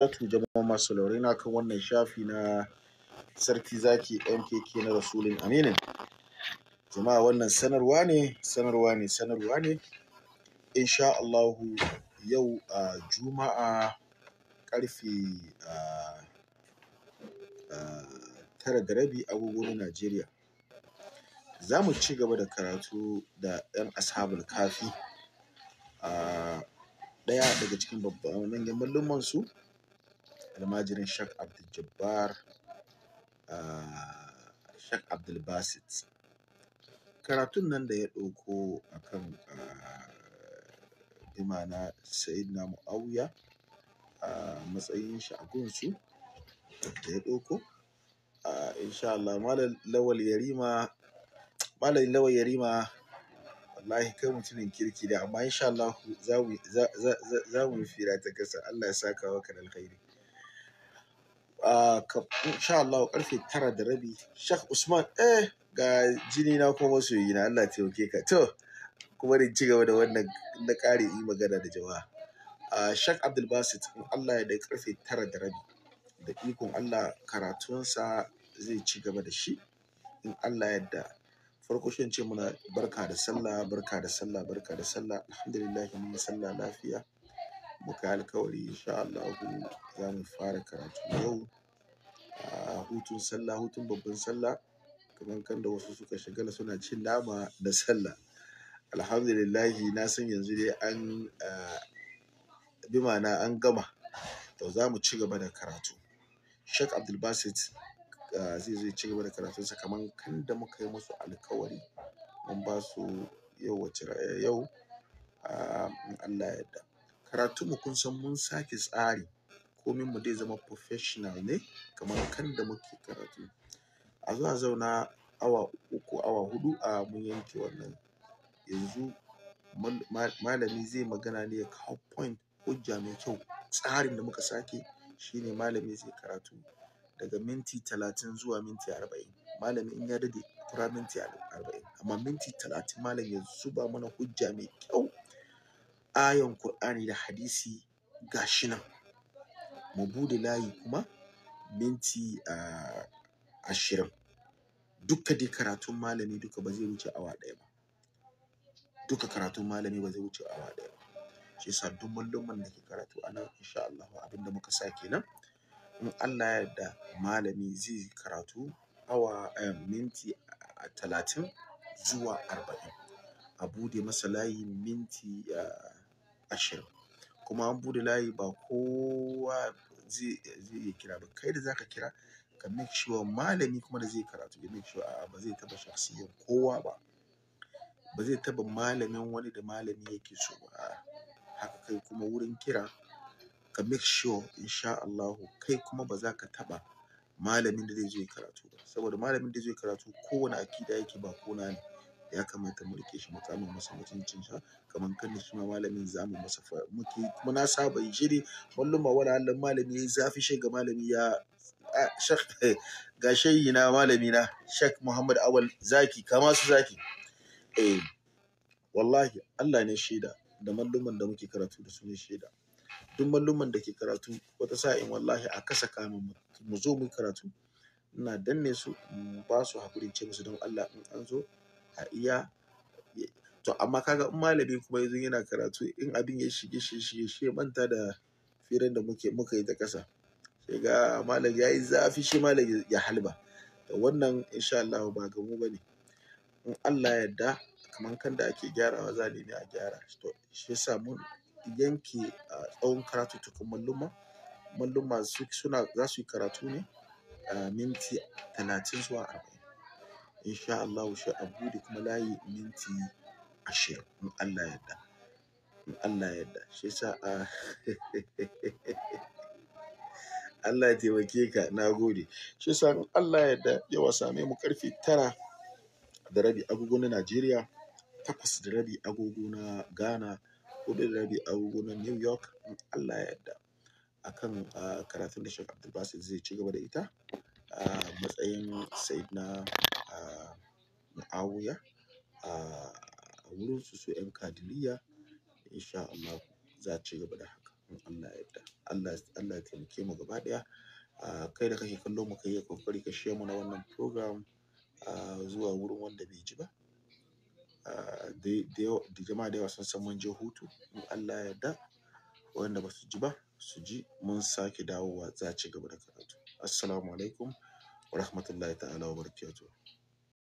Wato jama'a masu laurina kan wannan shafi na Sarki Zaki MKK na Rasulun Aminin. Jama'a wannan sanarwa ne, sanarwa ne, sanarwa ne. Insha Allahu yau a Juma'a ƙarfe a tara da rabi agogo na Najeriya. Za mu ci gaba da karatu da ‘yan ashabul kafi a ɗaya daga cikin babban manyan mallumansu. almajirin Sheikh Abdul Jabbar ah, Sheikh Abdul Basit karatun nan da ya ɗauko akan ah, imana Sayyidina Muawiya a ah, matsayin shi a gunsu da ya ɗauko insha Allah malal lawal yarima malam lawal yarima wallahi kai mutumin kirki da amma insha Allah za mu fira ta kasa Allah ya saka wa kanal alkhairi a insha Allah karfe tara da rabi Sheikh Usman eh ga jini na kuma yi na Allah taimake ka to kuma da ci gaba da wannan na kare yi magana da jama'a a Sheikh Abdul Basit in Allah ya da karfe tara da rabi da ikon Allah karatunsa zai ci gaba da shi in Allah ya da farko shin ce muna barka da sallah barka da sallah barka da sallah alhamdulillah mun sallah lafiya muka alkawari insha Allahu za mu fara karatu yau a hutun sallah hutun babban sallah kaman kan da wasu suka shagala suna cin nama da sallah alhamdulillahi na san yanzu dai an bi ma'ana an gama to za mu ci gaba da karatu Sheikh Abdulbasit zai zai ci gaba da karatunsa kaman kan da muka yi musu alkawari mun ba su yau wace yau Allah ya yarda karatu mu kun san mun sake tsari, komin mu dai zama professional ne kamar kan da muke karatu. A zuwa zauna awa uku, awa huɗu a mun yanke wannan. Yanzu malami zai magana ne ya kawo point hujja mai kyau. Tsarin da muka sake shine malami zai karatu daga minti talatin zuwa minti arba'in. Malami in ya dade kura minti arba'in amma minti talatin malam ya zuba mana hujja mai kyau. ayon Kur'ani da hadisi ga shi nan. Mu bude layi kuma minti ah, ashirin. Duka dai karatun malami duka ba zai wuce awa ɗaya ba. Duka karatun malami ba zai wuce awa ɗaya ba. Shi yasa duk malluman da ke karatu a nan insha Allah abin da muka sa kenan. In Allah ya yarda malami zai karatu awa eh, minti ah, talatin zuwa arba'in. A bude masa layi minti ah, ashirin kuma an buɗe layi ba kowa zai iya kira ba kai da zaka kira ka make sure malami kuma da zai karatu ya make sure a'a ba zai taba shaksiyan kowa ba ba zai taba malamin wani da malami yake so ba a'a haka kai kuma wurin kira ka make sure insha Allahu kai kuma ba za ka taɓa malamin da zai zo karatu ba saboda malamin da zai karatu kowane akida yake ba na ne ya kamata mu rike shi mu kama masa mutuncin sa kamar kan shi ma malamin zamu masa muke kuma na saba yi shiri wallon ma wala Allah malami yayi zafi shi ga malami ya shek eh, ga shayi na malami na shek Muhammad Awal Zaki kama su Zaki eh wallahi Allah ne shaida da malluman da muke karatu da su ne shaida duk malluman da ke karatu wata sa'in wallahi a kasa kama mu zo mu karatu ina danne su ba su hakuri ce musu don Allah in an zo a iya to amma kaga in malami kuma yanzu yana karatu in abin ya shige shi shige shi ya manta da firin da muke muka yi ta kasa sai ga malami ya zafi shi malami ya halba To wannan insha Allah ba gamu bane in Allah ya yarda kamar kan da ake gyarawa za ne a gyara to shi yasa mun yanke tsawon karatu tukun malluma malluma suna za su yi karatu ne a minti talatin zuwa arba'in insha Allahu sai a bude kuma layi minti ashirin in Allah ya yarda in Allah ya yarda shi yasa a ah, Allah ya taimake ka na gode shi yasa in Allah ya yarda yawa same mu karfe tara da rabi agogo na Najeriya takwas da rabi agogo na Ghana hudu da rabi agogo na New York in Allah ya yarda akan ah, karatun da Sheikh Abdul Basit zai ci gaba da ita a ah, matsayin na Mu'awiya a wurinsu su 'yan Qadiriyya in sha za a ci gaba da haka in Allah ya yarda. Allah, Allah ya taimake mu gaba ɗaya. Kai da kake kallo mu kai yi ƙoƙari ka share mana wannan program zuwa wurin wanda bai ji ba. Da jama'a da yawa sun san mun je hutu in Allah ya yarda waɗanda ba su ji ba su ji mun sake dawowa za a ci gaba da karatu. Assalamu alaikum wa rahmatullahi ta'ala wa